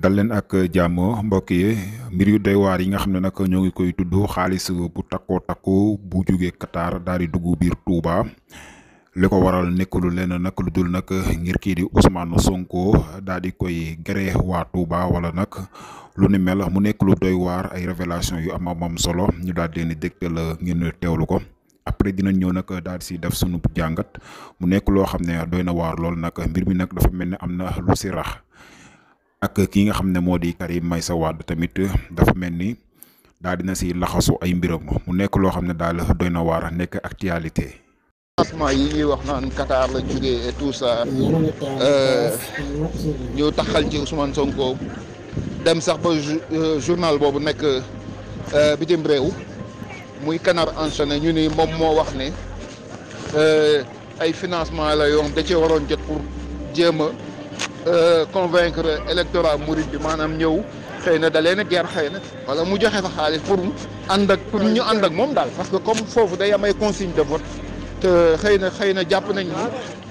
dal leen ak jamo mbok yi mbir yu doy war yi nga xamne nak ñoo ngi koy tuddu xaaliss bu takko takko bu joge Qatar daal di bir Touba liko waral nekul len nak lu dul ngir ki di Ousmane Sonko daal koy gere wa Touba wala nak lu ni mel mu nekk lu doy war ay revelation yu am am solo ñu daal di leen di ngeen tewlu ko. après dina ñew nak daal si def sunu jangat mu nek lo xamne doyna war lol nak mbir mi nak dafa melni amna lu sirax ak ki nga xam ne moo di Karim Meïssa Wade tamit dafa mel ni daal dina si laxasu ay mbiram mu nekk loo xam ne daal doy na waar nekk actualité. financement yi ñuy wax naan Qatar la jógee et tout ça euh, ñu taxal ci Ousmane Sonko dem sax ba euh, journal boobu nekk euh, bitim réew muy Canard enchaîné ñu ni moom moo wax ne ay financement la yoon da cee waroon jot pour jéem a Euh, convaincre électorat murid bi maanaam ñëw xëy na da leen a ger xëy na wala mu joxe fa xaalis pour ànd ak pour ñu ànd ak moom daal parce que comme foofu day am ay consigne de vote te xëy na xëy na jàpp nañ ni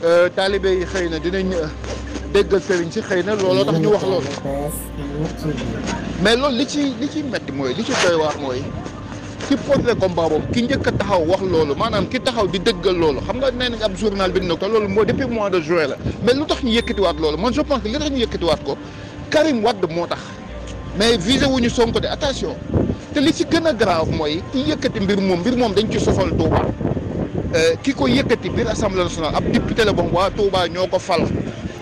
euh, taalibe yi xëy na dinañ euh, déggal sëriñ si xëy na looloo tax ñu wax loolu mais loolu li ci li ci metti mooy li ci doy waar mooy ci porte combat boobu ki njëkk taxaw wax loolu maanaam ki taxaw di dëggal loolu xam nga nee nañ ab journal bi dina ko loolu moo depuis mois de juin la mais lu tax ñu yëkkatiwaat loolu man je pense li tax ñu yëkkatiwaat ko Karim Wade moo tax mais visé wu ñu Sonko de attention te li si gën a grave mooy ki yëkkati mbir moom mbir moom dañ ci sosal Touba euh, ki ko yëkkati biir assemblée nationale ab député la boobu waa Touba ñoo ko fal.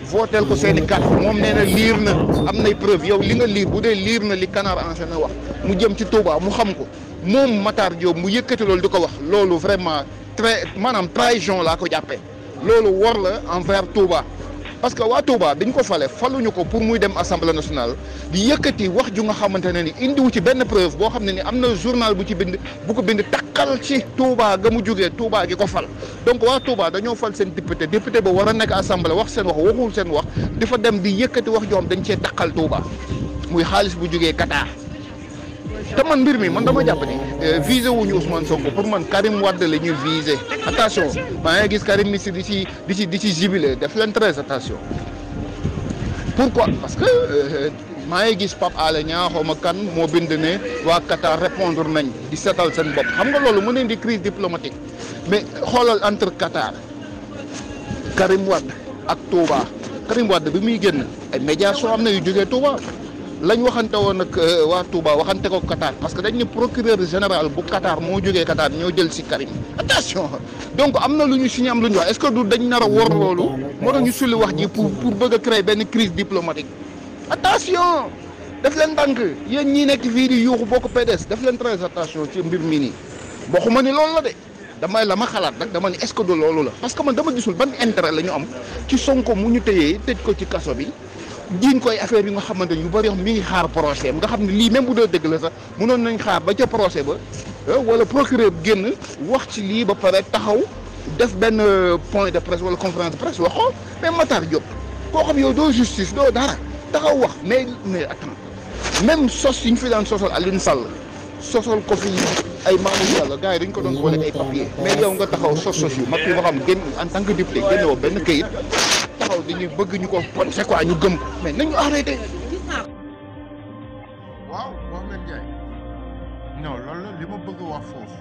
vooteel ko seeni carte moom na liir na am nay preuve yow li nga liir bu dee liir na li Canard enchaîné wax mu jëm ci Touba mu xam ko. moom Matar Diop mu yëkëti lool di ko wax loolu vraiment très manam trahison la ko jappé loolu war la envers Touba. parce que wa Touba biñ ko falé faluñu ko pour muy dem assemblée nationale di yëkëti wax ju nga xamante ne ni indiwu ci benn preuve bo xamné ni amna journal bu ci bind bu ko bind takal ci Touba ga mu jógee Touba gi ko fal donc wa Touba dañoo fal seen député député ba wara nek assemblée wax seen wax waxul seen wax difa dem di yëkëti wax joom dañ ci takal Touba muy xaalis bu jógee Qatar te man mbir mi man dama japp ni eh, visé wuñu Ousmane Sonko pour man Karim Wade la ñu visé attention maa ngi gis Karim Missi di ci di ci di ci jubilé def leen très attention pourquoi parce que eh, ma ngi gis ala kan mo bind né wa Qatar répondre nañ di sétal sen bop xam nga lolu mu né di crise diplomatique mais xolal entre Qatar Karim Wade ak Touba Karim Wade bi muy genn ay médias so amna yu Touba lañu waxante woon nag euh, waa Touba waxante ko Qatar parce que dañ ne procureur général bu Qatar moo jógee Qatar ñoo jël si Karim attention donc am na lu ñu signé am lu ñu wax est que du dañ nar a wor loolu moo tax ñu sulli wax ji pour pour bëgg a créer benn crise diplomatique attention def leen tànk yéen ñii nekk fii di yuuxu ko PDS daf leen très ci mbir mi nii waxuma ni loolu la de damay la ma xalaat rek dama ni est loolu la parce que man dama gisul ban intérêt la ñu am ci Sonko mu ñu téyee tëj ko ci kaso bi jiiñ koy affaire yi nga xamante yu bari mi ngi xaar procès nga xam ne lii même bu dee dëgg la sax mënoon nañ xaar ba ca procès ba euh, wala procureur génn wax ci lii ba pare taxaw def benn euh, point de presse wala conférence de presse waxoo mais Matar Diop koo xam yow doo justice doo dara taxaw wax mais mais attends même sos yi ñu fi daan sosal Alioune Sall sosal ko fi ay maamu yàlla gars yi dañ ko doon boole ay papier mais nga taxaw sos sos yu mag yi nga xam génn tant que député génn dañuy bëgg ñu ko ponse quoi ñu gëm ko mais nañu arrêté. waaw Mohamed Ndiaye non loolu la li ma bëgg wax foof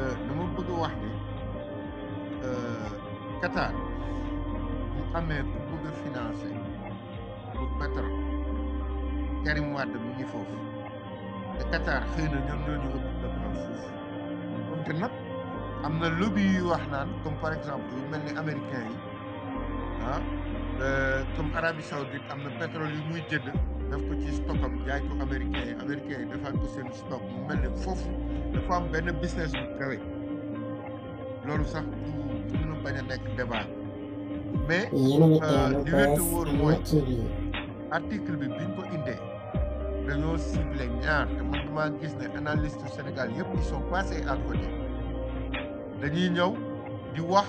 euh, li ma bëgg wax ni euh, Qatar bu amee bu bëgg a financé bu pétrole Karim Wade mu ngi foofu te xëy na ñoom ñoo ñu ëpp pétrole foofu te am na lobby yuy wax naan comme par exemple yu mel ni américain yi. ah euh, comme Arabie Saoudite am na petrole yi muy jënd daf ko ci stockam jaay ko américain yi américain yi defaat ko seen stock mu mel ne foofu dafa am benn business bu kawe loolu sax du mën a bañ a nekk débat mais euh, li wetu wóor mooy article bi biñ ko indee dañoo ciblé ñaar te man damaa gis ne analyste Sénégal yëpp ils sont passés dañuy ñëw di wax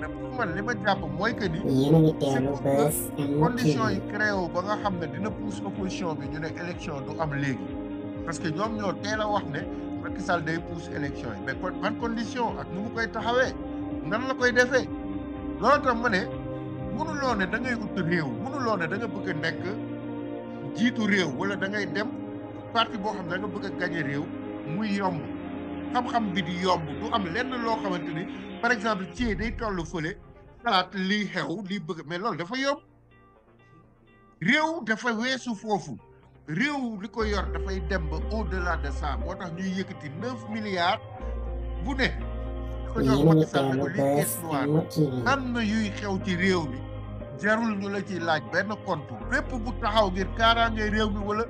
te pour man li ma jàpp mooy que ni. a ngi condition yi créé wu ba nga xam ne dina pousse opposition bi ñu ne élection du am léegi parce que ñoom ñoo teel a wax ne Macky Sall day pousse élection yi mais kon ban condition ak nu mu koy taxawee nan la koy defee loolu tam ma ne mënuloo ne da ngay ut réew mënuloo ne da bëgg a nekk jiitu réew wala da ngay dem partie boo xam ne da bëgg a gagné réew muy yomb. xam-xam bi yomb du am lenn loo xamante ni par exemple ci day toll fële xalaat lii xew lii bëgg mais lool dafa yomb réew dafa weesu foofu réew li koy yor dafay dem ba au delà de ça moo tax ñuy yëkkati neuf milliards bu ne. ko jox Macky Sall ko li caisse noire na yuy xew ci réew mi jarul ñu la ciy laaj benn compte bépp bu taxaw ngir kaaraange réew mi wala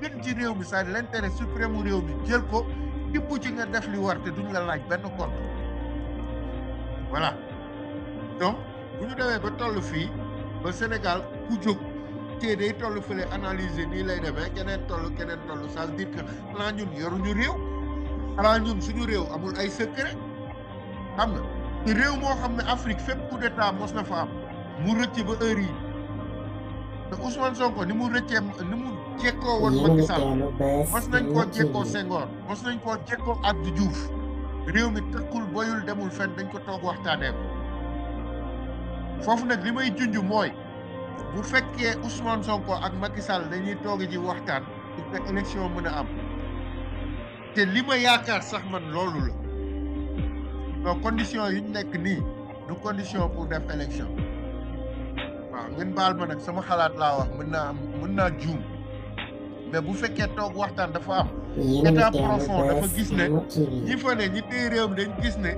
gën ci réew mi sa l'intérêt suprême réew mi jël ko. tibb ci nga def li war te duñ la laaj benn compte voilà donc bu ñu demee ba toll fii ba Sénégal ku jóg te day toll fële analyser nii lay demee keneen tollu keneen tollu ça veut dire que xanaa ñun yoruñu réew xanaa ñun suñu réew amul ay secret xam nga réew moo xam ne Afrique fépp coup d'état mos na fa mu rëcc ba heure yi te Ousmane Sonko ni mu rëccee ni mu jekkoo woon Macky Sall mos nañ koo jekkoo Senghor mos nañ koo jekkoo Abdou Diouf réew mi tëkkul boyul demul fen dañ ko toog waxtaanee ko foofu nag li may junj mooy bu fekkee Ousmane Sonko ak Macky Sall dañuy toog ji waxtaan te élection mën a am te lima ma yaakaar sax man loolu la donc condition yi ñu nekk du condition pour def election. waaw ngeen baal ma nag sama xalaat laa wax mën am mën naa mais bu fekkee tok waxtan dafa am état profond dafa gis ne ñi fa ne ñi téye réew dañ gis ne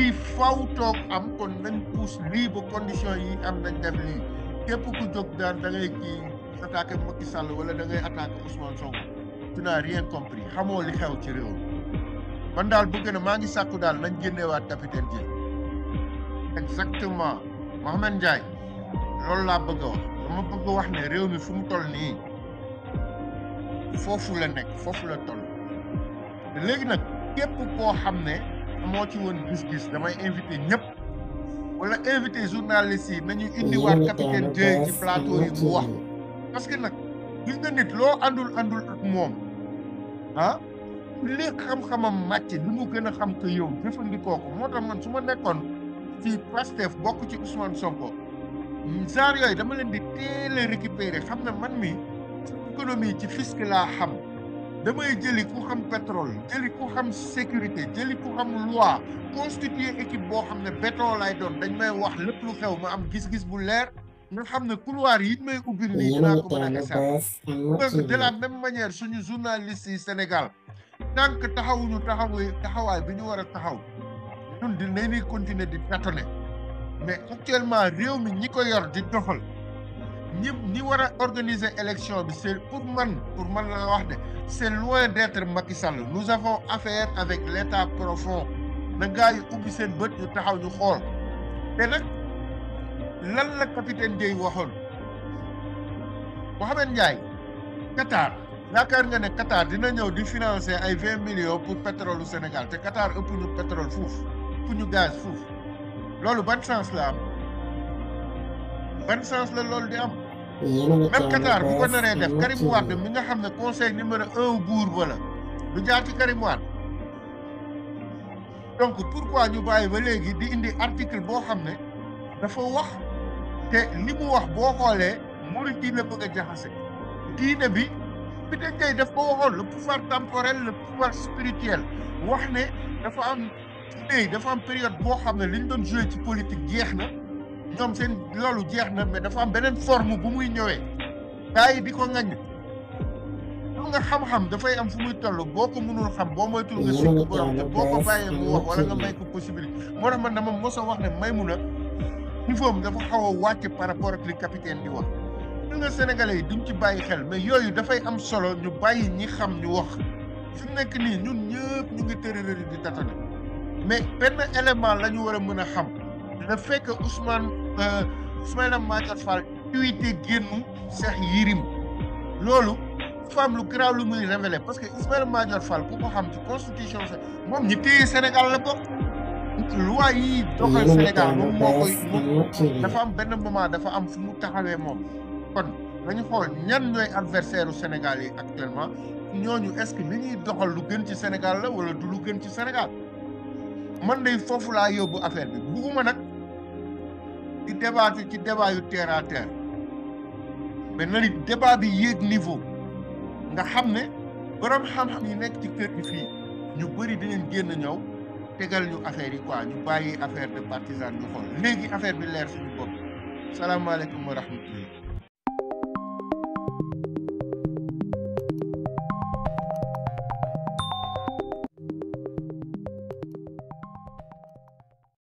il faw tok am kon nañ pousse li bu condition yi am nañ def ni képp ku jog daan da ngay ki attaquer Macky Sall wala da ngay attaquer Ousmane Sonko tu n'as rien compris xamoo li xew ci réew man daal bëgg na maa ngi sàkku daal nañ waat capitaine Dieng exactement Mohamed Ndiaye loolu laa bëgg a wax dama bëgg wax ne réew mi fu mu toll nii foofu la nekk foofu la toll léegi nag képp koo xam ne moo ci woon gis-gis damay invité ñëpp wala invité journaliste yi nañu indiwaat capitaine Dièye ci plateau yi mu wax parce que nag gis nga nit loo àndul àndul ak moom ah li xam-xamam màcc li mu gën a xam que yow jëfandikoo ko moo tax man su ma nekkoon ci Pastef bokk ci Ousmane Sonko genre yooyu dama leen di teel a récupérer xam ne man mi économie ci fisc laa xam damay jëli ku xam pétrole jëli ku xam sécurité jëli ku xam loi constituer équipe boo xam ne béton lay doon dañ may wax lépp lu xew ma am gis-gis bu leer nga xam ne couloir yi may ubbil nii dinaa ko mën a donc de la même manière suñu journaliste yi Sénégal tant que taxawuñu taxawu taxawaay bi ñu war a taxaw ñun dinañuy continuer di tâtonner mais actuellement réew mi ñi ko yor di doxal Ni ñi organiser élection bi c'est pour man pour man la wax de c'est loin d'être Macky Sall nous avons affaire avec l'état profond na gaa yi ubbi seen ñu taxaw ñu xol té nak lan la capitaine Dieye waxoon Mohamed Ndiaye Qatar yaakaar nga ne Qatar dina ñëw di financer ay 20 millions pour pétrole du Sénégal té Qatar ëpp ñu pétrole fouf, ëpp ñu gaz fouf lolu ban sens la ban sens la lolu di am même Qatar bu ko naree def Karim Wade mi nga xam ne conseil numéro un buur wala du jaar ci Karim Wade donc pourquoi ñu bàyyi ba léegi di indi article boo xam ne dafa wax te ni mu wax boo xoolee mooy diine bëgg a jaxase diine bi bi dañ koy def ba waxoon le pouvoir temporel le pouvoir spirituel wax ne dafa am diine yi dafa am période boo xam ne li ñu doon joué ci politique jeex na ñom seen lolu jeex na mais dafa am benen forme bu muy ñowé gars bi ko ngagn lu nga xam-xam da fay am fu muy tollu boko mënul xam bo moy moytul nga sikk borom te boko baye mu wax wala nga may ko possibilité mo tax man dama mos wax ne may mun a niveau dafa xawa wacc par rapport ak li capitaine di wax ñu nga sénégalais duñ ci bàyyi xel mais yoyu da fay am solo ñu bàyyi ñi xam ñu wax fi nek ni ñun ñepp ñu ngi tërërëri di tatana mais ben élément lañu wara mëna xam dina fekk Ousmane euh, Ismaïla Madior Fall tuité génnu Cheikh Yérim loolu femme lu garaaw lu muy révélé parce que Ismaïla Madior Fall ku ko xam ci constitution moom ñi téye Sénégal la bokk loi yi doxal Sénégal moom moo koy dafa am benn moment dafa am fu mu taxawee moom kon nañu xool ñan ñooy adversaire Sénégal yi actuellement ñooñu est-ce que li ñuy doxal lu gën ci Sénégal la wala du lu gën ci Sénégal man de foofu laa yóbbu affaire bi bugguma di débattre ci débat yu terre à terre mais bi yéeg niveau nga xam ne borom xam-xam yi nekk ci kër gi fii ñu bëri dinañ génn ñëw tegal ñu affaire yi quoi ñu bàyyi affaire de partisan ñu xool léegi affaire bi leer suñu bopp salaamaaleykum wa rahmatulah.